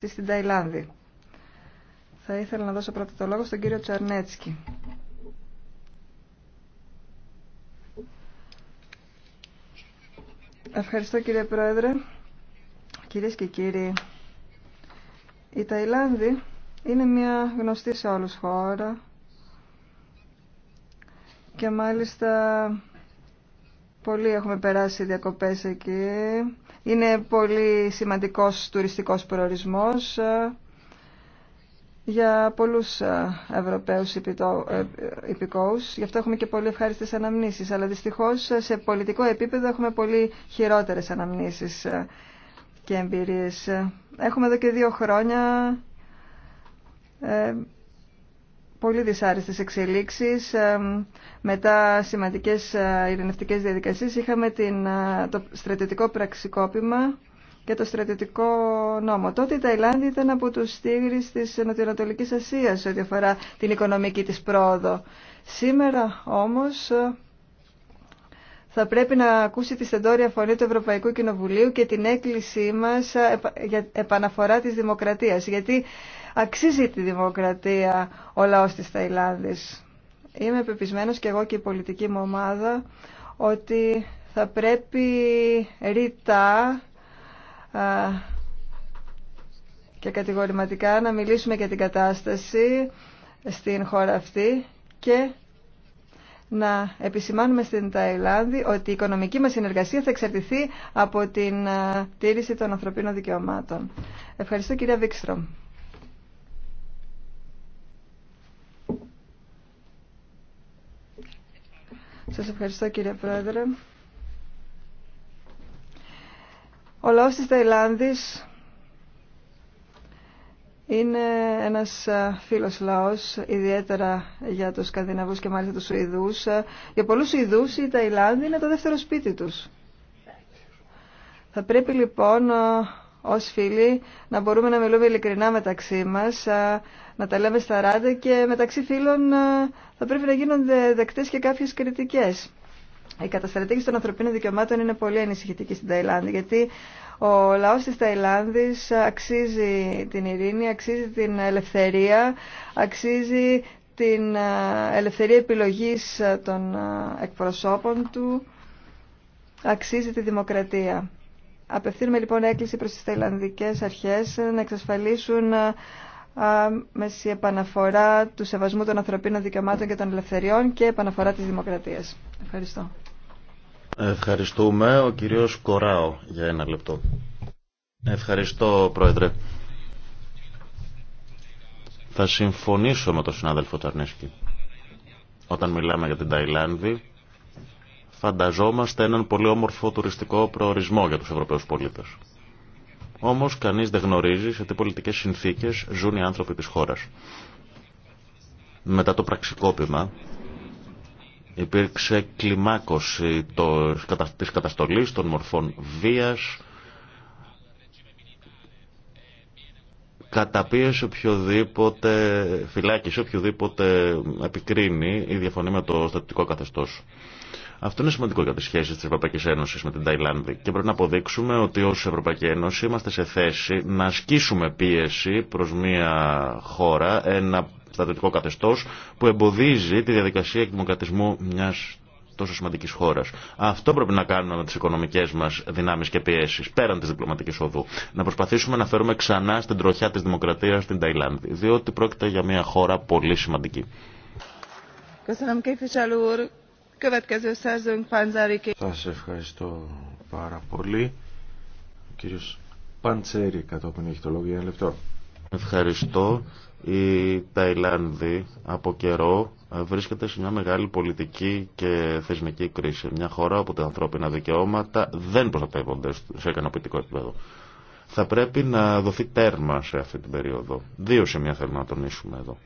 στην Ταϊλάνδη. Θα ήθελα να δώσω πρώτα το λόγο στον κύριο Τσαρνέτσκι. Ευχαριστώ κύριε Πρόεδρε. Κυρίες και κύριοι, η Ταϊλάνδη είναι μια γνωστή σε όλους χώρα και μάλιστα Πολλοί έχουμε περάσει διακοπές εκεί. Είναι πολύ σημαντικός τουριστικός προορισμός ε, για πολλούς ε, Ευρωπαίους ε, υπηκόους. Γι' αυτό έχουμε και πολύ ευχάριστες αναμνήσεις. Αλλά δυστυχώς σε πολιτικό επίπεδο έχουμε πολύ χειρότερες αναμνήσεις και εμπειρίες. Έχουμε εδώ και δύο χρόνια πολύ δυσάρεστες εξελίξεις. Μετά σημαντικές ε, ειρηνευτικές διαδικασίες είχαμε την, ε, το στρατιωτικό πραξικόπημα και το στρατιωτικό νόμο. Τότε η Ταϊλάνδη ήταν από τους στήγρες της Νοτιοανατολικής Ασίας ό,τι αφορά την οικονομική της πρόοδο. Σήμερα όμως ε, θα πρέπει να ακούσει τη στεντόρια φωνή του Ευρωπαϊκού Κοινοβουλίου και την έκκλησή μας ε, για επαναφορά της δημοκρατίας. Γιατί αξίζει τη δημοκρατία ο λαός της Ταϊλάνδης. Είμαι πεπισμένος και εγώ και η πολιτική μου ομάδα ότι θα πρέπει ρητά και κατηγορηματικά να μιλήσουμε για την κατάσταση στην χώρα αυτή και να επισημάνουμε στην Ταϊλάνδη ότι η οικονομική μας συνεργασία θα εξαρτηθεί από την ε, τήρηση των ανθρωπίνων δικαιωμάτων. Ευχαριστώ κυρία Βίξτρομ. Σας ευχαριστώ κύριε Πρόεδρε. Ο λαός της Ταϊλάνδης είναι ένας φίλος λαός, ιδιαίτερα για τους Σκανδιναβούς και μάλιστα τους Σουηδούς. Για πολλούς Σουηδούς η Ταϊλάνδη είναι το δεύτερο σπίτι τους. Θα πρέπει λοιπόν ως φίλοι να μπορούμε να μιλούμε ειλικρινά μεταξύ μας, να τα λέμε στα ράντε και μεταξύ φίλων θα πρέπει να γίνονται δεκτές και κάποιες κριτικές. Η καταστρατήγηση των ανθρωπίνων δικαιωμάτων είναι πολύ ανησυχητική στην Ταϊλάνδη, γιατί ο λαός της Ταϊλάνδης αξίζει την ειρήνη, αξίζει την ελευθερία, αξίζει την ε, ελευθερία επιλογής ε, των ε, εκπροσώπων του, αξίζει τη δημοκρατία. Απευθύνουμε λοιπόν έκκληση προς τις Ταϊλανδικές αρχές να εξασφαλίσουν άμεση επαναφορά του σεβασμού των ανθρωπίνων δικαιωμάτων και των ελευθεριών και επαναφορά της δημοκρατίας. Ευχαριστώ. Ευχαριστούμε. Ο κύριος Κοράο για ένα λεπτό. Ευχαριστώ, Πρόεδρε. Θα συμφωνήσω με τον συνάδελφο Ταρνέσκι. Όταν μιλάμε για την Ταϊλάνδη, φανταζόμαστε έναν πολύ όμορφο τουριστικό προορισμό για τους Ευρωπαίους πολίτες. Όμως κανείς δεν γνωρίζει σε τι πολιτικές συνθήκες ζουν οι άνθρωποι της χώρας. Μετά το πραξικόπημα υπήρξε κλιμάκωση της καταστολής των μορφών βίας, καταπίεση οποιοδήποτε, φυλάκιση οποιοδήποτε επικρίνει ή διαφωνεί με το στατικό καθεστώς. Αυτό είναι σημαντικό για τι σχέσει τη Ευρωπαϊκή Ένωση με την Ταϊλάνδη και πρέπει να αποδείξουμε ότι ω Ευρωπαϊκή Ένωση είμαστε σε θέση να ασκήσουμε πίεση προ μια χώρα, ένα στατιωτικό καθεστώ που εμποδίζει τη διαδικασία εκδημοκρατισμού μια τόσο σημαντική χώρα. Αυτό πρέπει να κάνουμε με τι οικονομικέ μα δυνάμει και πιέσει, πέραν τη διπλωματική οδού. Να προσπαθήσουμε να φέρουμε ξανά στην τροχιά τη δημοκρατία στην Ταϊλάνδη. Διότι πρόκειται για μια χώρα πολύ σημαντική. Σας ευχαριστώ πάρα πολύ. Ο κύριο Παντσέρη κατόπιν έχει το λόγο για ένα λεπτό. Ευχαριστώ. Η Ταϊλάνδη από καιρό ε, βρίσκεται σε μια μεγάλη πολιτική και θεσμική κρίση. Μια χώρα όπου τα ανθρώπινα δικαιώματα δεν προστατεύονται σε ικανοποιητικό επίπεδο. Θα πρέπει να δοθεί τέρμα σε αυτή την περίοδο. Δύο σημεία θέλουμε να τονίσουμε εδώ.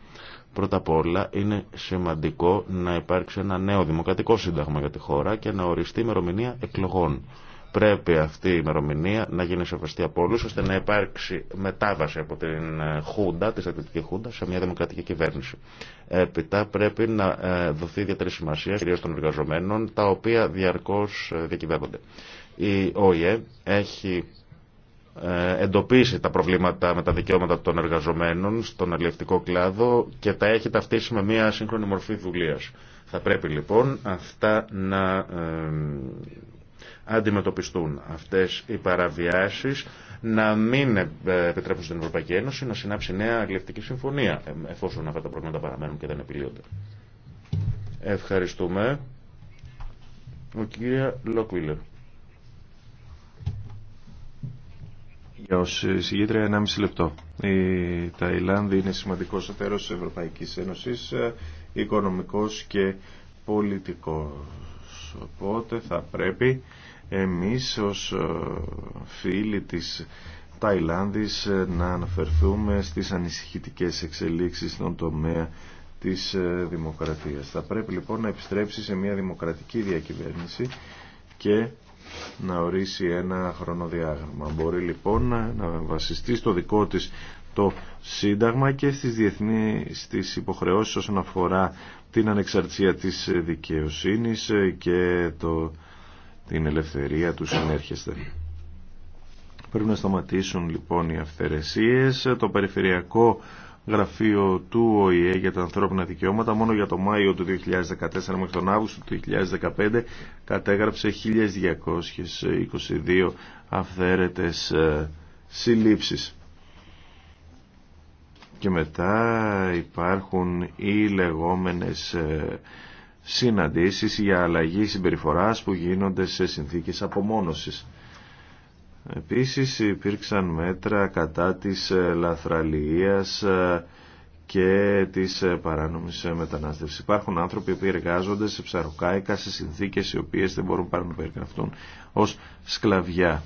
Πρώτα απ' όλα είναι σημαντικό να υπάρξει ένα νέο δημοκρατικό σύνταγμα για τη χώρα και να οριστεί ημερομηνία εκλογών. Πρέπει αυτή η ημερομηνία να γίνει σεβαστή από όλου ώστε να υπάρξει μετάβαση από την ε, Χούντα, τη στρατιωτική Χούντα, σε μια δημοκρατική κυβέρνηση. Έπειτα πρέπει να ε, δοθεί ιδιαίτερη σημασία κυρίω των εργαζομένων, τα οποία διαρκώ ε, διακυβεύονται. Η ΟΗΕ έχει ε, εντοπίσει τα προβλήματα με τα δικαιώματα των εργαζομένων στον αλληλευτικό κλάδο και τα έχει ταυτίσει με μια σύγχρονη μορφή δουλείας. Θα πρέπει λοιπόν αυτά να ε, αντιμετωπιστούν αυτές οι παραβιάσεις να μην ε, επιτρέπουν στην Ευρωπαϊκή Ένωση να συνάψει νέα αλληλευτική συμφωνία εφόσον αυτά τα προβλήματα παραμένουν και δεν επιλύονται. Ευχαριστούμε. Ο κύριε Λοκουίλερ. Για ως 1,5 λεπτό. Η Ταϊλάνδη είναι σημαντικός εταίρος της Ευρωπαϊκής Ένωσης, ε, οικονομικός και πολιτικός. Οπότε θα πρέπει εμείς ως ε, φίλοι της Ταϊλάνδης ε, να αναφερθούμε στις ανησυχητικές εξελίξεις στον τομέα της δημοκρατίας. Θα πρέπει λοιπόν να επιστρέψει σε μια δημοκρατική διακυβέρνηση και να ορίσει ένα χρονοδιάγραμμα. Μπορεί λοιπόν να βασιστεί στο δικό της το Σύνταγμα και στις διεθνείς τις υποχρεώσεις όσον αφορά την ανεξαρτησία της δικαιοσύνης και το, την ελευθερία του συνέρχεστε. Πρέπει να σταματήσουν λοιπόν οι αυθαιρεσίες, το περιφερειακό γραφείο του ΟΗΕ για τα ανθρώπινα δικαιώματα μόνο για το Μάιο του 2014 μέχρι τον Αύγουστο του 2015 κατέγραψε 1222 αυθαίρετες ε, συλλήψεις. Και μετά υπάρχουν οι λεγόμενες ε, συναντήσεις για αλλαγή συμπεριφοράς που γίνονται σε συνθήκες απομόνωσης. Επίσης υπήρξαν μέτρα κατά της ε, λαθραλίας ε, και της ε, παράνομης μετανάστευσης. Υπάρχουν άνθρωποι που εργάζονται σε ψαροκάικα, σε συνθήκες οι οποίες δεν μπορούν πάρα να περιγραφτούν ως σκλαβιά.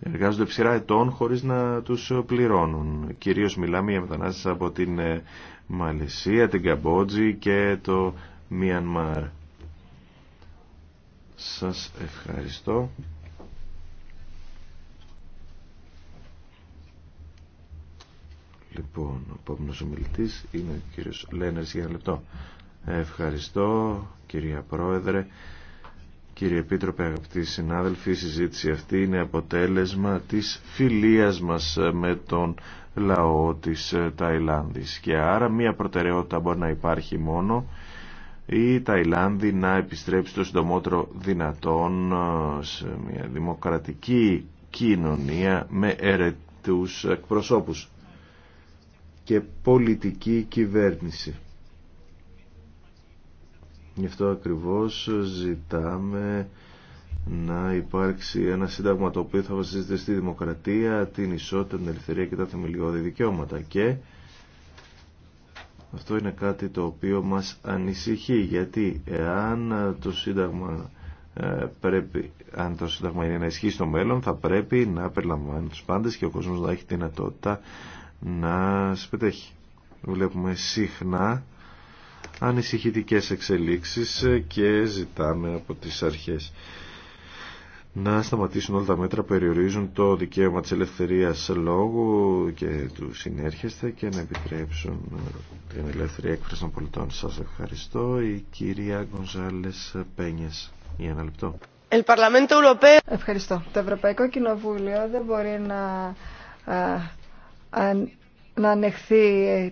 Εργάζονται ψηρά ετών χωρίς να τους πληρώνουν. Κυρίως μιλάμε για μετανάστες από την Μαλαισία, την Καμπότζη και το Μιανμάρ. Σας ευχαριστώ. Λοιπόν, ο επόμενος ομιλητής είναι ο κύριος Λένερς για λεπτό. Ευχαριστώ κυρία Πρόεδρε. Κύριε Επίτροπε, αγαπητοί συνάδελφοι, η συζήτηση αυτή είναι αποτέλεσμα της φιλίας μας με τον λαό της Ταϊλάνδης. Και άρα μία προτεραιότητα μπορεί να υπάρχει μόνο η Ταϊλάνδη να επιστρέψει το συντομότερο δυνατόν σε μια δημοκρατική κοινωνία με αιρετούς εκπροσώπους και πολιτική κυβέρνηση. Γι' αυτό ακριβώς ζητάμε να υπάρξει ένα σύνταγμα το οποίο θα βασίζεται στη δημοκρατία, την ισότητα, την ελευθερία και τα θεμελιώδη δικαιώματα. Και αυτό είναι κάτι το οποίο μας ανησυχεί, γιατί εάν το σύνταγμα ε, πρέπει, αν το Σύνταγμα είναι να ισχύει στο μέλλον, θα πρέπει να περιλαμβάνει τους πάντες και ο κόσμος να έχει δυνατότητα να συμπετέχει. Βλέπουμε συχνά ανησυχητικές εξελίξεις και ζητάμε από τις αρχές να σταματήσουν όλα τα μέτρα που περιορίζουν το δικαίωμα της ελευθερίας λόγου και του συνέρχεστε και να επιτρέψουν την ελεύθερη έκφραση των πολιτών. Σας ευχαριστώ. Η κυρία Γκονζάλες Πένιες. Για ένα λεπτό. Ευχαριστώ. Το Ευρωπαϊκό Κοινοβούλιο δεν μπορεί να να ανεχθεί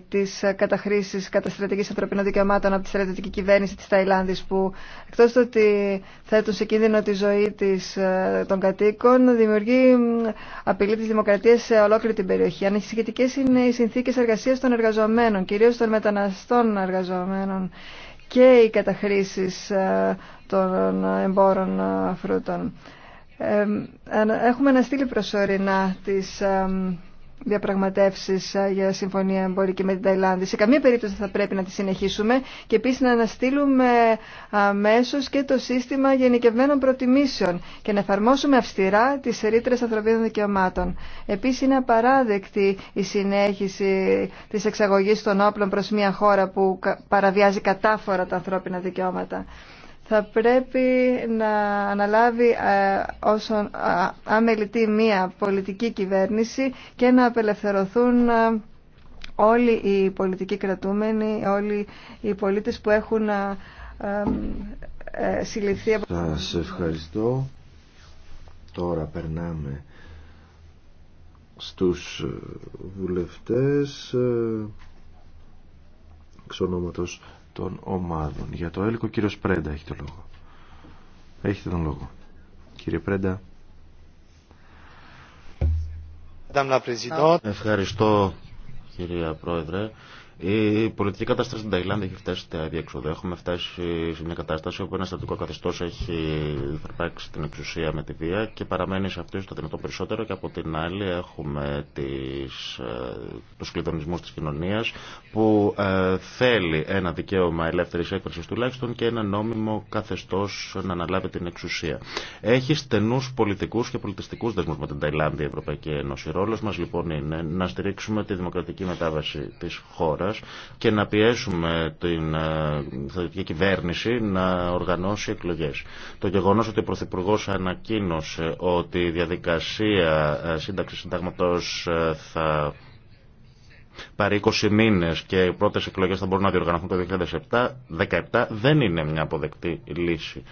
τις καταχρήσεις κατά στρατηγική ανθρωπίνων δικαιωμάτων από τη στρατιωτική κυβέρνηση της Ταϊλάνδης που εκτός του ότι θέτουν σε κίνδυνο τη ζωή της, ε, των κατοίκων δημιουργεί απειλή της δημοκρατίας σε ολόκληρη την περιοχή. Ανησυχητικές είναι οι συνθήκες εργασίας των εργαζομένων, κυρίως των μεταναστών εργαζομένων και οι καταχρήσεις ε, των εμπόρων ε, φρούτων. Έχουμε αναστείλει προσωρινά τις διαπραγματεύσει ε, για συμφωνία εμπορική με την Ταϊλάνδη. Σε καμία περίπτωση θα πρέπει να τη συνεχίσουμε και επίση να αναστείλουμε αμέσω και το σύστημα γενικευμένων προτιμήσεων και να εφαρμόσουμε αυστηρά τι ρήτρε ανθρωπίνων δικαιωμάτων. Επίση είναι απαράδεκτη η συνέχιση τη εξαγωγή των όπλων προ μια χώρα που παραβιάζει κατάφορα τα ανθρώπινα δικαιώματα θα πρέπει να αναλάβει ε, όσον αμελητή μία πολιτική κυβέρνηση και να απελευθερωθούν ε, όλοι οι πολιτικοί κρατούμενοι, όλοι οι πολίτες που έχουν ε, συλληφθεί από... Σας ευχαριστώ. Τώρα περνάμε στους βουλευτές εξ των ομάδων. Για το έλκο κύριο Πρέντα έχει το λόγο. Έχετε τον λόγο. Κύριε Πρέντα. Ευχαριστώ κυρία Πρόεδρε. Η πολιτική κατάσταση στην Ταϊλάνδη έχει φτάσει σε Έχουμε φτάσει σε μια κατάσταση όπου ένα στρατικό καθεστώ έχει θερπάξει την εξουσία με τη βία και παραμένει σε αυτή το δυνατό περισσότερο. Και από την άλλη έχουμε του ε, τους τη της κοινωνίας που ε, θέλει ένα δικαίωμα ελεύθερη έκφραση τουλάχιστον και ένα νόμιμο καθεστώ να αναλάβει την εξουσία. Έχει στενού πολιτικού και πολιτιστικού δεσμού με την Ταϊλάνδη η Ευρωπαϊκή Ένωση. ρόλο μα λοιπόν είναι να στηρίξουμε τη δημοκρατική μετάβαση τη χώρα και να πιέσουμε την ε, κυβέρνηση να οργανώσει εκλογές. Το γεγονός ότι ο Πρωθυπουργό ανακοίνωσε ότι η διαδικασία ε, σύνταξης συντάγματος ε, θα πάρει 20 μήνε και οι πρώτε εκλογέ θα μπορούν να διοργανωθούν το 2017, δεν είναι μια αποδεκτή λύση.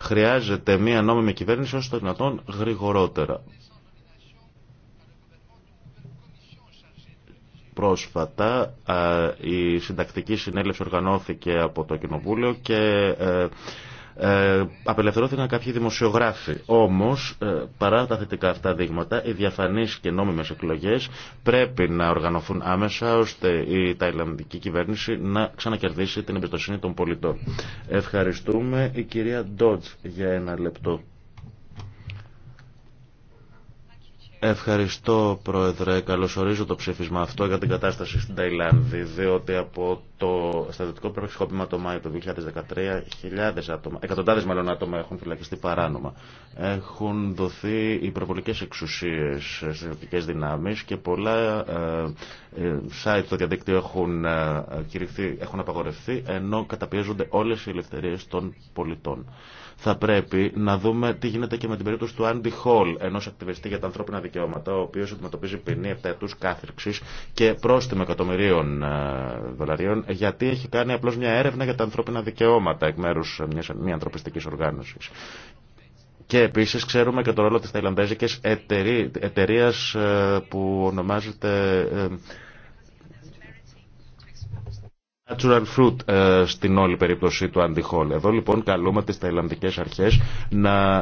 Χρειάζεται μια νόμιμη κυβέρνηση ώστε δυνατόν γρηγορότερα. Πρόσφατα η συντακτική συνέλευση οργανώθηκε από το Κοινοβούλιο και ε, ε, απελευθερώθηκαν κάποιοι δημοσιογράφοι. Όμω, ε, παρά τα θετικά αυτά δείγματα, οι διαφανεί και νόμιμε εκλογέ πρέπει να οργανωθούν άμεσα ώστε η ταϊλανδική κυβέρνηση να ξανακερδίσει την εμπιστοσύνη των πολιτών. Ευχαριστούμε η κυρία Ντότζ για ένα λεπτό. Ευχαριστώ Πρόεδρε, καλωσορίζω το ψήφισμα αυτό για την κατάσταση στην Ταϊλάνδη, διότι από το στρατιωτικό πραξικόπημα το Μάιο του 2013 χιλιάδες άτομα, εκατοντάδες μάλλον άτομα έχουν φυλακιστεί παράνομα. Έχουν δοθεί υπερβολικές εξουσίες στις ειδικές δυνάμεις και πολλά ε, ε, site στο διαδίκτυο έχουν, ε, απαγορευτεί, ενώ καταπιέζονται όλες οι ελευθερίες των πολιτών θα πρέπει να δούμε τι γίνεται και με την περίπτωση του Άντι Χολ, ενό ακτιβιστή για τα ανθρώπινα δικαιώματα, ο οποίο αντιμετωπίζει ποινή 7 κάθριξη και πρόστιμο εκατομμυρίων ε, δολαρίων, γιατί έχει κάνει απλώ μια έρευνα για τα ανθρώπινα δικαιώματα εκ μέρου μια μη ανθρωπιστική οργάνωση. Και επίση ξέρουμε και το ρόλο τη Ταϊλανδέζικη εταιρεία ε, που ονομάζεται ε, natural fruit ε, στην όλη περίπτωση του Αντιχόλ. Εδώ λοιπόν καλούμε τις ταϊλανδικές αρχές να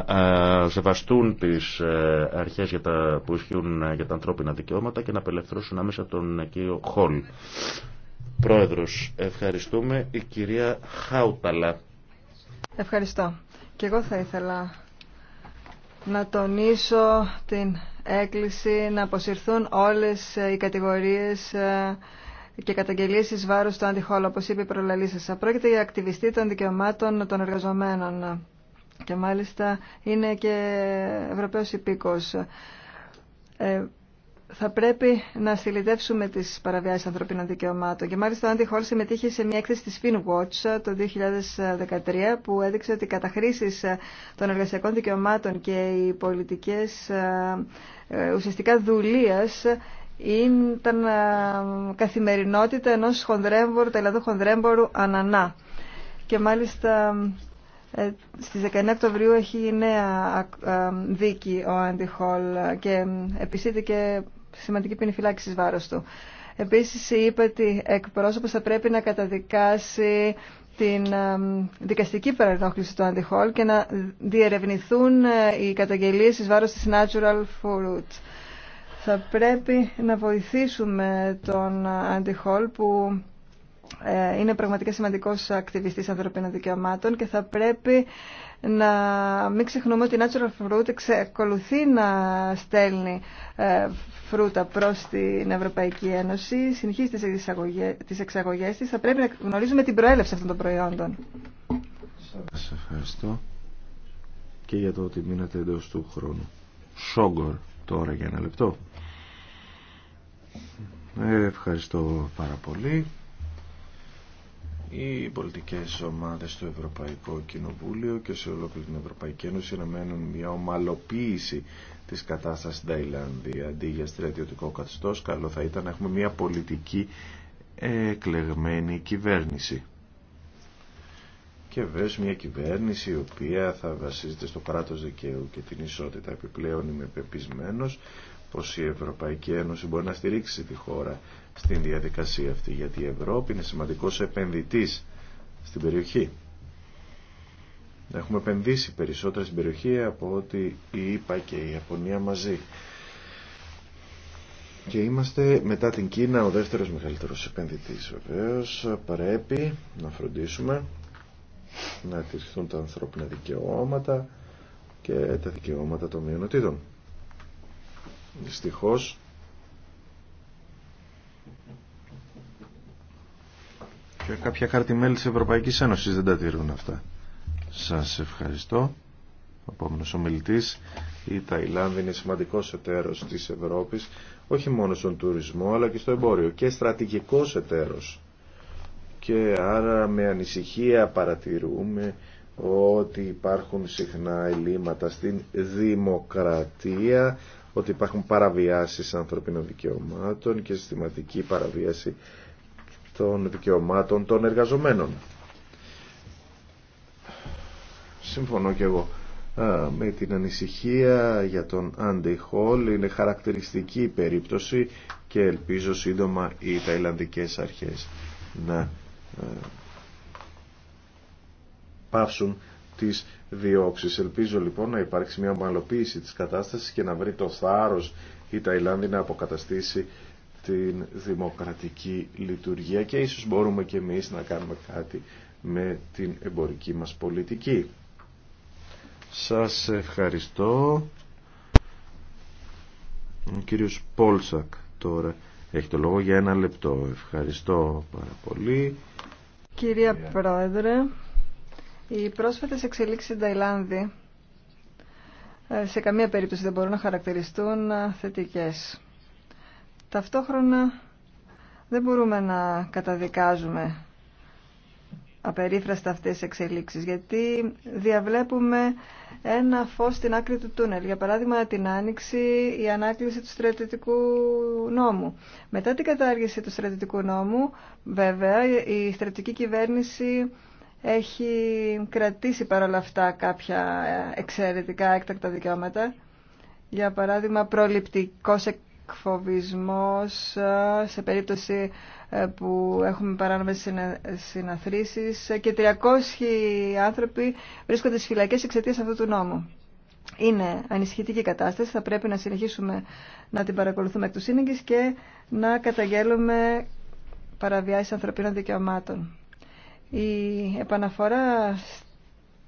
ε, σεβαστούν τις ε, αρχές για τα, που ισχύουν για τα ανθρώπινα δικαιώματα και να απελευθερώσουν άμεσα τον κύριο Χόλ. Πρόεδρος, ευχαριστούμε. Η κυρία Χάουταλα. Ευχαριστώ. Και εγώ θα ήθελα να τονίσω την έκκληση να αποσυρθούν όλες οι κατηγορίες και καταγγελίε ει βάρο του αντιχόλου, όπω είπε η σα, Πρόκειται για ακτιβιστή των δικαιωμάτων των εργαζομένων και μάλιστα είναι και Ευρωπαϊο υπήκο. Ε, θα πρέπει να στυλιτεύσουμε τι παραβιάσεις ανθρωπίνων δικαιωμάτων και μάλιστα ο Άντι Χολ συμμετείχε σε μια έκθεση τη FinWatch το 2013 που έδειξε ότι οι καταχρήσεις των εργασιακών δικαιωμάτων και οι πολιτικέ ε, ε, ουσιαστικά δουλείας ήταν ε, καθημερινότητα ενός χονδρέμπορου, τελαδού χονδρέμπορου Ανανά. Και μάλιστα ε, στις 19 Οκτωβρίου έχει νέα ε, δίκη ο Άντι Χολ και επισήθηκε σημαντική ποινή βάρος του. Επίσης ότι ότι εκπρόσωπος θα πρέπει να καταδικάσει την δικαστική παρενόχληση του Άντι και να διερευνηθούν οι καταγγελίες εις βάρος της Natural Fruit. Θα πρέπει να βοηθήσουμε τον Αντιχόλ που ε, είναι πραγματικά σημαντικός ακτιβιστής ανθρωπίνων δικαιωμάτων και θα πρέπει να μην ξεχνούμε ότι η Natural Fruit εξακολουθεί να στέλνει ε, φρούτα προς την Ευρωπαϊκή Ένωση, συνεχίζει τις εξαγωγές της. Θα πρέπει να γνωρίζουμε την προέλευση αυτών των προϊόντων. Σας ευχαριστώ και για το ότι μείνατε εντός του χρόνου. Σόγκορ τώρα για ένα λεπτό. Ε, ευχαριστώ πάρα πολύ. Οι πολιτικές ομάδες του Ευρωπαϊκού Κοινοβούλιο και σε ολόκληρη την Ευρωπαϊκή Ένωση αναμένουν μια ομαλοποίηση της κατάστασης στην Ταϊλάνδη αντί για στρατιωτικό καθεστώς. Καλό θα ήταν να έχουμε μια πολιτική εκλεγμένη κυβέρνηση. Και βέβαια μια κυβέρνηση η οποία θα βασίζεται στο κράτο δικαίου και την ισότητα. Επιπλέον είμαι πεπισμένος πως η Ευρωπαϊκή Ένωση μπορεί να στηρίξει τη χώρα στην διαδικασία αυτή γιατί η Ευρώπη είναι σημαντικός επενδυτής στην περιοχή. Έχουμε επενδύσει περισσότερα στην περιοχή από ό,τι η ΙΠΑ και η Ιαπωνία μαζί. Και είμαστε μετά την Κίνα ο δεύτερος μεγαλύτερος επενδυτής βεβαίως. Πρέπει να φροντίσουμε να τηρηθούν τα ανθρώπινα δικαιώματα και τα δικαιώματα των μειονοτήτων. Δυστυχώς και κάποια χαρτιμέλη μέλη της Ευρωπαϊκής Ένωσης δεν τα τηρούν αυτά. Σας ευχαριστώ. Ο επόμενος η Ταϊλάνδη είναι σημαντικός εταίρος της Ευρώπης όχι μόνο στον τουρισμό αλλά και στο εμπόριο και στρατηγικό εταίρος. Και άρα με ανησυχία παρατηρούμε ότι υπάρχουν συχνά ελλείμματα στην δημοκρατία, ότι υπάρχουν παραβιάσεις ανθρωπίνων δικαιωμάτων και συστηματική παραβίαση των δικαιωμάτων των εργαζομένων. Συμφωνώ και εγώ με την ανησυχία για τον Άντι Χολ. Είναι χαρακτηριστική η περίπτωση και ελπίζω σύντομα οι Ταϊλανδικές αρχές να πάυσουν τις Ελπίζω λοιπόν να υπάρξει μια ομαλοποίηση της κατάστασης και να βρει το θάρρος η Ταϊλάνδη να αποκαταστήσει την δημοκρατική λειτουργία και ίσως μπορούμε και εμείς να κάνουμε κάτι με την εμπορική μας πολιτική. Σας ευχαριστώ. Ο κύριος Πόλσακ τώρα έχει το λόγο για ένα λεπτό. Ευχαριστώ πάρα πολύ. Κυρία Πρόεδρε, οι πρόσφατες εξελίξεις στην Ταϊλάνδη ε, σε καμία περίπτωση δεν μπορούν να χαρακτηριστούν ε, θετικές. Ταυτόχρονα δεν μπορούμε να καταδικάζουμε απερίφραστα αυτές τις εξελίξεις, γιατί διαβλέπουμε ένα φως στην άκρη του τούνελ. Για παράδειγμα, την άνοιξη, η ανάκληση του στρατιωτικού νόμου. Μετά την κατάργηση του στρατιωτικού νόμου, βέβαια, η στρατιωτική κυβέρνηση έχει κρατήσει παρόλα αυτά κάποια ε, εξαιρετικά έκτακτα δικαιώματα. Για παράδειγμα, προληπτικός εκφοβισμός ε, σε περίπτωση ε, που έχουμε παράνομες συναθρήσεις και 300 άνθρωποι βρίσκονται στις φυλακές εξαιτίας αυτού του νόμου. Είναι η κατάσταση, θα πρέπει να συνεχίσουμε να την παρακολουθούμε εκ του σύνεγγης και να καταγγέλουμε παραβιάσεις ανθρωπίνων δικαιωμάτων. Η επαναφορά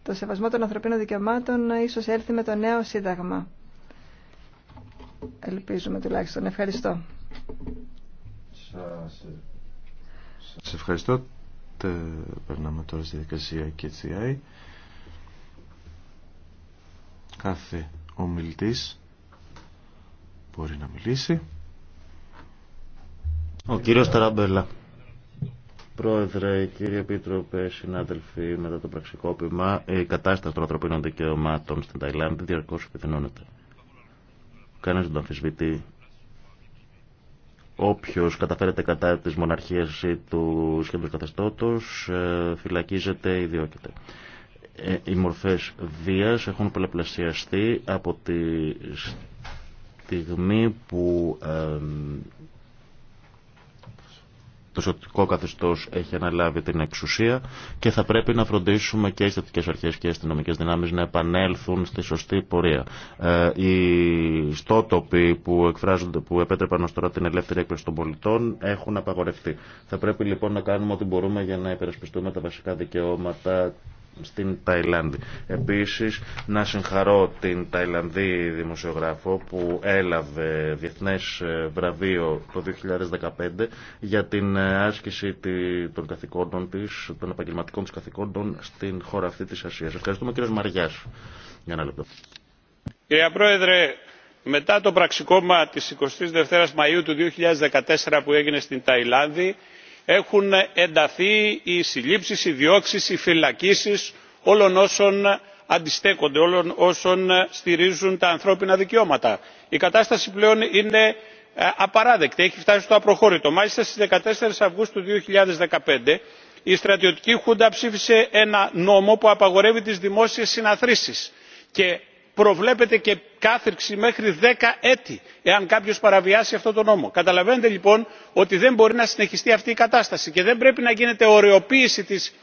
στο σεβασμό των ανθρωπίνων δικαιωμάτων ίσως έρθει με το νέο σύνταγμα. Ελπίζουμε τουλάχιστον. Ευχαριστώ. Σας, Σας ευχαριστώ. Περνάμε τώρα στη δικασία και έτσι Κάθε ομιλητής μπορεί να μιλήσει. Ο κύριος Ταραμπέλα. Πρόεδρε, κύριε Επίτροπε, συνάδελφοι, μετά το πραξικόπημα, η κατάσταση των ανθρωπίνων δικαιωμάτων στην Ταϊλάνδη διαρκώ επιθυνώνεται. Κανένα δεν το αμφισβητεί. Όποιο καταφέρεται κατά τη μοναρχία ή του σχέδιου καθεστώτο ε, φυλακίζεται ή διώκεται. Ε, οι μορφέ βία έχουν πολλαπλασιαστεί από τη στιγμή που ε, το σωτικό καθεστώ έχει αναλάβει την εξουσία και θα πρέπει να φροντίσουμε και οι στατικέ αρχές και οι αστυνομικέ δυνάμεις να επανέλθουν στη σωστή πορεία. Ε, οι στότοποι που, που επέτρεπαν ω τώρα την ελεύθερη έκπληξη των πολιτών έχουν απαγορευτεί. Θα πρέπει λοιπόν να κάνουμε ό,τι μπορούμε για να υπερασπιστούμε τα βασικά δικαιώματα στην Ταϊλάνδη. Επίσης, να συγχαρώ την Ταϊλανδή δημοσιογράφο που έλαβε διεθνές ε, βραβείο το 2015 για την ε, άσκηση των καθηκόντων της, των επαγγελματικών της καθηκόντων στην χώρα αυτή της Ασίας. Ευχαριστούμε κύριος Μαριάς. Για ένα λεπτό. Κυρία Πρόεδρε, μετά το πραξικόπημα της 22 ης Μαΐου του 2014 που έγινε στην Ταϊλάνδη, έχουν ενταθεί οι συλλήψεις οι διώξεις οι φυλακίσεις όλων όσων αντιστέκονται όλων όσων στηρίζουν τα ανθρώπινα δικαιώματα. η κατάσταση πλέον είναι ε, απαράδεκτη έχει φτάσει στο απροχώρητο. μάλιστα στις 14 αυγούστου 2015 η στρατιωτική χούντα ψήφισε ένα νόμο που απαγορεύει τις δημόσιες συναθρήσεις και προβλέπεται και κάθερξη μέχρι δέκα έτη εάν κάποιος παραβιάσει αυτό τον νόμο. Καταλαβαίνετε λοιπόν ότι δεν μπορεί να συνεχιστεί αυτή η κατάσταση και δεν πρέπει να γίνεται ωρεοποίηση της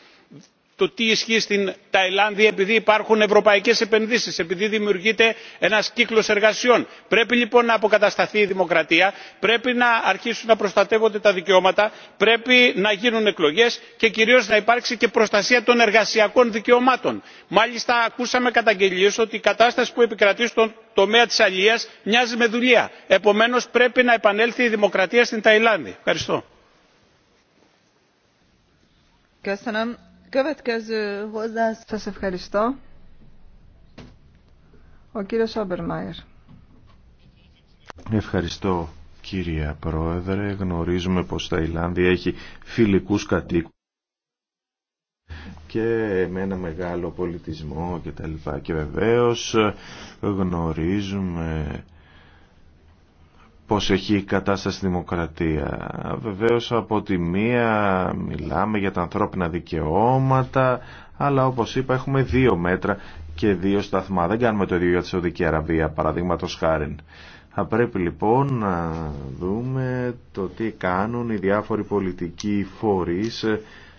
το τι ισχύει στην ταϊλάνδη επειδή υπάρχουν ευρωπαϊκές επενδύσεις επειδή δημιουργείται ένας κύκλος εργασιών. πρέπει λοιπόν να αποκατασταθεί η δημοκρατία πρέπει να αρχίσουν να προστατεύονται τα δικαιώματα πρέπει να γίνουν εκλογές και κυρίως να υπάρξει και προστασία των εργασιακών δικαιωμάτων. μάλιστα ακούσαμε καταγγελίες ότι η κατάσταση που επικρατεί στον τομέα της αλιείας μοιάζει με δουλεία. επομένως πρέπει να επανέλθει η δημοκρατία στην ταϊλάνδη. ευχαριστώ. Σας ευχαριστώ. Ο κύριος Όμπερμαϊερ. Ευχαριστώ κύριε Πρόεδρε. Γνωρίζουμε πως η Ταϊλάνδη έχει φιλικούς κατοίκους και με ένα μεγάλο πολιτισμό και τα Και βεβαίως γνωρίζουμε πως έχει η κατάσταση δημοκρατία. Βεβαίως από τη μία μιλάμε για τα ανθρώπινα δικαιώματα, αλλά όπως είπα έχουμε δύο μέτρα και δύο σταθμά. Δεν κάνουμε το ίδιο για τη Σαουδική Αραβία, παραδείγματο χάρη. Θα πρέπει λοιπόν να δούμε το τι κάνουν οι διάφοροι πολιτικοί φορείς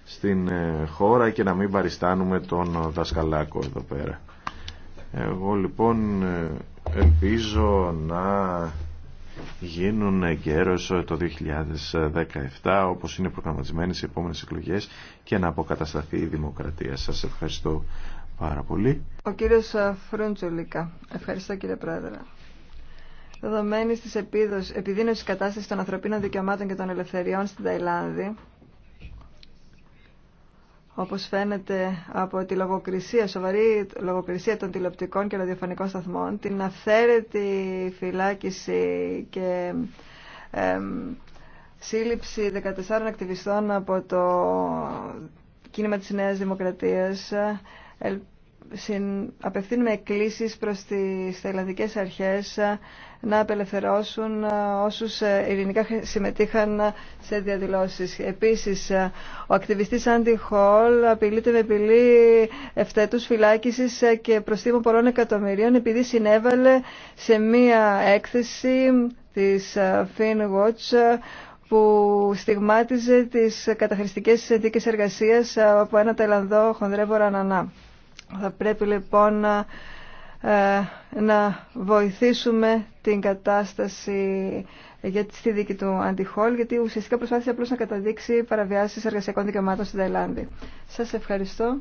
στην ε, χώρα και να μην παριστάνουμε τον δασκαλάκο εδώ πέρα. Εγώ λοιπόν ε, ελπίζω να γίνουν εγκαίρως το 2017 όπως είναι προγραμματισμένε οι επόμενες εκλογές και να αποκατασταθεί η δημοκρατία. Σας ευχαριστώ πάρα πολύ. Ο κύριος ε, Φρουντζουλίκα. Ευχαριστώ κύριε Πρόεδρε. Δεδομένη τη επιδείνωση κατάσταση των ανθρωπίνων δικαιωμάτων και των ελευθεριών στην Ταϊλάνδη, όπως φαίνεται από τη λογοκρισία, σοβαρή λογοκρισία των τηλεοπτικών και ραδιοφωνικών σταθμών, την αυθαίρετη φυλάκιση και ε, σύλληψη 14 ακτιβιστών από το κίνημα της Νέας Δημοκρατίας απευθύνουμε εκκλήσεις προς τις θελανδικές αρχές ε, να απελευθερώσουν ε, όσους ε, ειρηνικά συμμετείχαν σε διαδηλώσεις. Επίσης, ο ακτιβιστής Άντι Χολ απειλείται με απειλή ευθέτους φυλάκισης και προστίμου πολλών εκατομμυρίων επειδή συνέβαλε σε μία έκθεση της Finwatch που στιγμάτιζε τις καταχρηστικές συνθήκες εργασίας από ένα Ταϊλανδό χονδρέπορα ανανά. Θα πρέπει λοιπόν ε, ε, να, βοηθήσουμε την κατάσταση για τη στη δίκη του Αντιχόλ, γιατί ουσιαστικά προσπάθησε απλώς να καταδείξει παραβιάσεις εργασιακών δικαιωμάτων στην Ταϊλάνδη. Σας ευχαριστώ.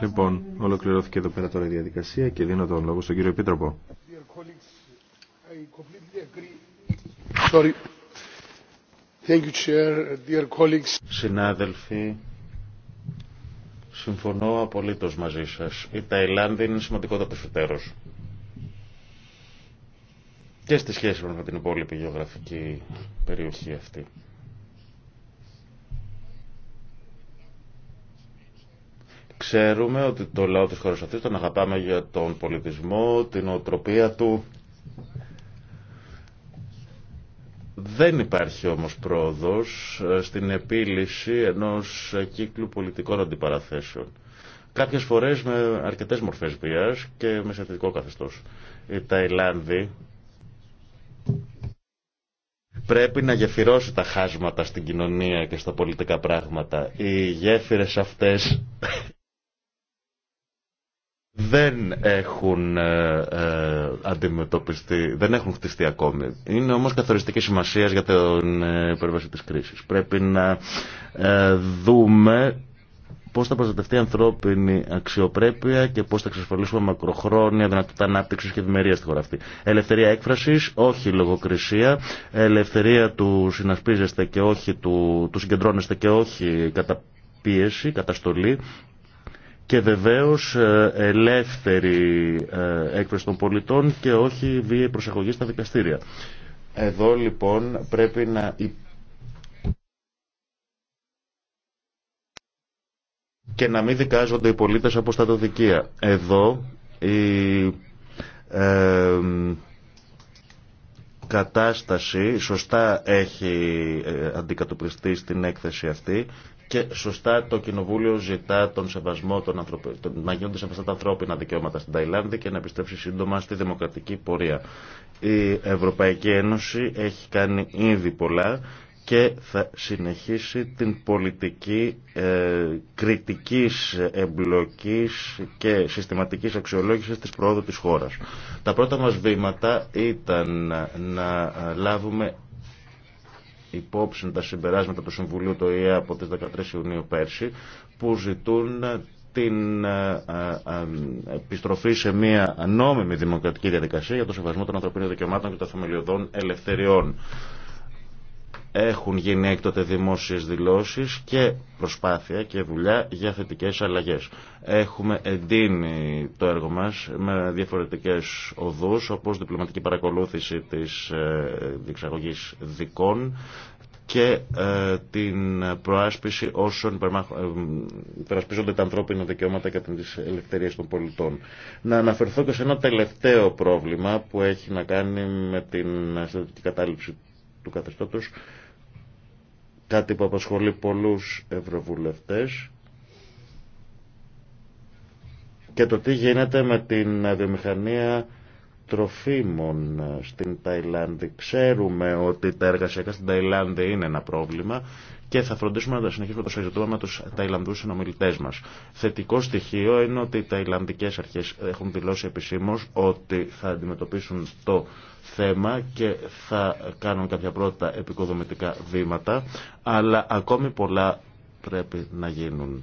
Λοιπόν, ολοκληρώθηκε εδώ πέρα τώρα η διαδικασία και δίνω τον λόγο στον κύριο Επίτροπο. Sorry. Thank you, Chair. Συνάδελφοι, Συμφωνώ απολύτως μαζί σα. Η Ταϊλάνδη είναι σημαντικότατος εταίρος. Και στη σχέση με την υπόλοιπη γεωγραφική περιοχή αυτή. Ξέρουμε ότι το λαό της χώρας αυτής τον αγαπάμε για τον πολιτισμό, την οτροπία του, δεν υπάρχει όμως πρόοδος ε, στην επίλυση ενός ε, κύκλου πολιτικών αντιπαραθέσεων. Κάποιες φορές με αρκετές μορφές βίας και με συνθετικό καθεστώς. Η Ταϊλάνδη πρέπει να γεφυρώσει τα χάσματα στην κοινωνία και στα πολιτικά πράγματα. Οι γέφυρες αυτές δεν έχουν ε, ε, αντιμετωπιστεί, δεν έχουν χτιστεί ακόμη. Είναι όμως καθοριστική σημασία για την ε, υπέρβαση της κρίσης. Πρέπει να ε, δούμε πώς θα προστατευτεί η ανθρώπινη αξιοπρέπεια και πώς θα εξασφαλίσουμε μακροχρόνια δυνατότητα ανάπτυξη και ευημερία στη χώρα αυτή. Ελευθερία έκφρασης, όχι λογοκρισία. Ελευθερία του συνασπίζεστε και όχι του, του συγκεντρώνεστε και όχι κατά πίεση, καταστολή και βεβαίως ε, ελεύθερη ε, έκφραση των πολιτών και όχι βία προσεχογή στα δικαστήρια. Εδώ λοιπόν πρέπει να και να μην δικάζονται οι πολίτες από στατοδικία. Εδώ η ε, κατάσταση σωστά έχει αντικατοπιστεί στην έκθεση αυτή και σωστά το Κοινοβούλιο ζητά τον σεβασμό των ανθρωπίνων, να γίνονται σεβαστά τα ανθρώπινα δικαιώματα στην Ταϊλάνδη και να επιστρέψει σύντομα στη δημοκρατική πορεία. Η Ευρωπαϊκή Ένωση έχει κάνει ήδη πολλά και θα συνεχίσει την πολιτική ε, κριτικής εμπλοκής και συστηματικής αξιολόγησης της πρόοδου της χώρας. Τα πρώτα μας βήματα ήταν να λάβουμε υπόψη τα συμπεράσματα του Συμβουλίου του ΙΕ από τις 13 Ιουνίου πέρσι που ζητούν την ε, ε, ε, επιστροφή σε μια νόμιμη δημοκρατική διαδικασία για το σεβασμό των ανθρωπίνων δικαιωμάτων και των θεμελιωδών ελευθεριών. Έχουν γίνει έκτοτε δημόσιες δηλώσεις και προσπάθεια και δουλειά για θετικές αλλαγές. Έχουμε εντείνει το έργο μας με διαφορετικές οδούς όπως διπλωματική παρακολούθηση της ε, διεξαγωγής δικών και ε, την προάσπιση όσων ε, υπερασπίζονται τα ανθρώπινα δικαιώματα και τις ελευθερίες των πολιτών. Να αναφερθώ και σε ένα τελευταίο πρόβλημα που έχει να κάνει με την αισθητική κατάληψη του καθεστώτος κάτι που απασχολεί πολλούς ευρωβουλευτές και το τι γίνεται με την βιομηχανία τροφίμων στην Ταϊλάνδη. Ξέρουμε ότι τα εργασιακά στην Ταϊλάνδη είναι ένα πρόβλημα και θα φροντίσουμε να τα συνεχίσουμε το συζητούμε με τους Ταϊλανδούς συνομιλητές μας. Θετικό στοιχείο είναι ότι οι Ταϊλανδικές αρχές έχουν δηλώσει επισήμως ότι θα αντιμετωπίσουν το θέμα και θα κάνουν κάποια πρώτα επικοδομητικά βήματα, αλλά ακόμη πολλά πρέπει να γίνουν.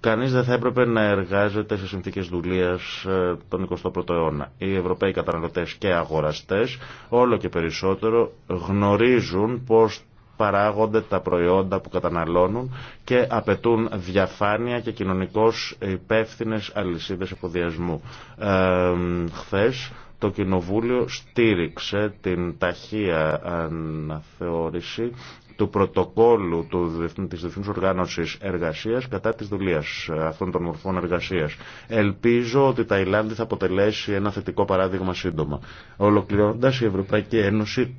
Κανείς δεν θα έπρεπε να εργάζεται σε συνθήκε δουλεία ε, τον 21ο αιώνα. Οι Ευρωπαίοι καταναλωτές και αγοραστές όλο και περισσότερο γνωρίζουν πως παράγονται τα προϊόντα που καταναλώνουν και απαιτούν διαφάνεια και κοινωνικώ υπεύθυνε αλυσίδε εφοδιασμού. Ε, χθες το Κοινοβούλιο στήριξε την ταχεία αναθεώρηση του πρωτοκόλου του, της Διεθνούς Οργάνωσης Εργασίας κατά της δουλείας αυτών των μορφών εργασίας. Ελπίζω ότι η Ταϊλάνδη θα αποτελέσει ένα θετικό παράδειγμα σύντομα. Ολοκληρώνοντας η Ευρωπαϊκή Ένωση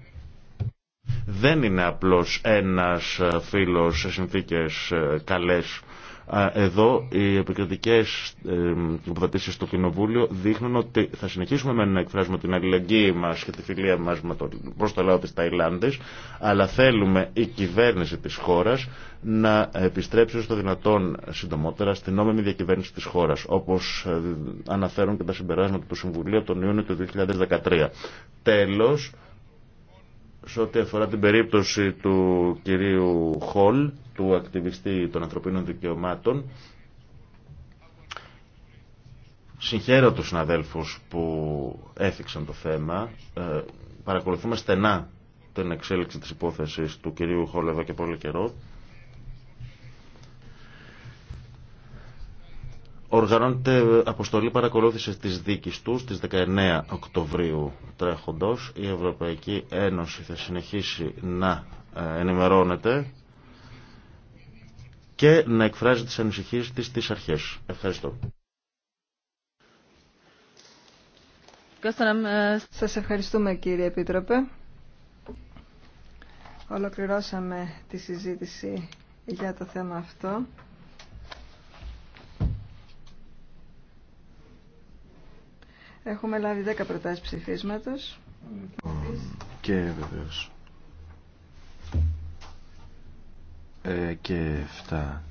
δεν είναι απλώς ένας φίλος σε συνθήκες ε, καλές εδώ οι επικριτικές υποδοτήσεις στο Κοινοβούλιο δείχνουν ότι θα συνεχίσουμε με να εκφράζουμε την αλληλεγγύη μας και τη φιλία μας με το, προς το λαό της Ταϊλάνδης, αλλά θέλουμε η κυβέρνηση της χώρας να επιστρέψει στο δυνατόν συντομότερα στην νόμιμη διακυβέρνηση της χώρας, όπως ε, αναφέρουν και τα συμπεράσματα του Συμβουλίου τον Ιούνιο του 2013. Τέλος, σε ό,τι αφορά την περίπτωση του κυρίου Χολ, του ακτιβιστή των ανθρωπίνων δικαιωμάτων. Συγχαίρω τους συναδέλφους που έθιξαν το θέμα. Ε, παρακολουθούμε στενά την εξέλιξη της υπόθεσης του κυρίου Χόλου και πολύ καιρό. Οργανώνεται αποστολή παρακολούθησης της δίκης του στις 19 Οκτωβρίου τρέχοντος. Η Ευρωπαϊκή Ένωση θα συνεχίσει να ε, ενημερώνεται και να εκφράζει τις ανησυχίες της στις αρχές. Ευχαριστώ. Σας ευχαριστούμε κύριε Επίτροπε. Ολοκληρώσαμε τη συζήτηση για το θέμα αυτό. Έχουμε λάβει 10 προτάσεις ψηφίσματος. Και βεβαίως. Ε, και 7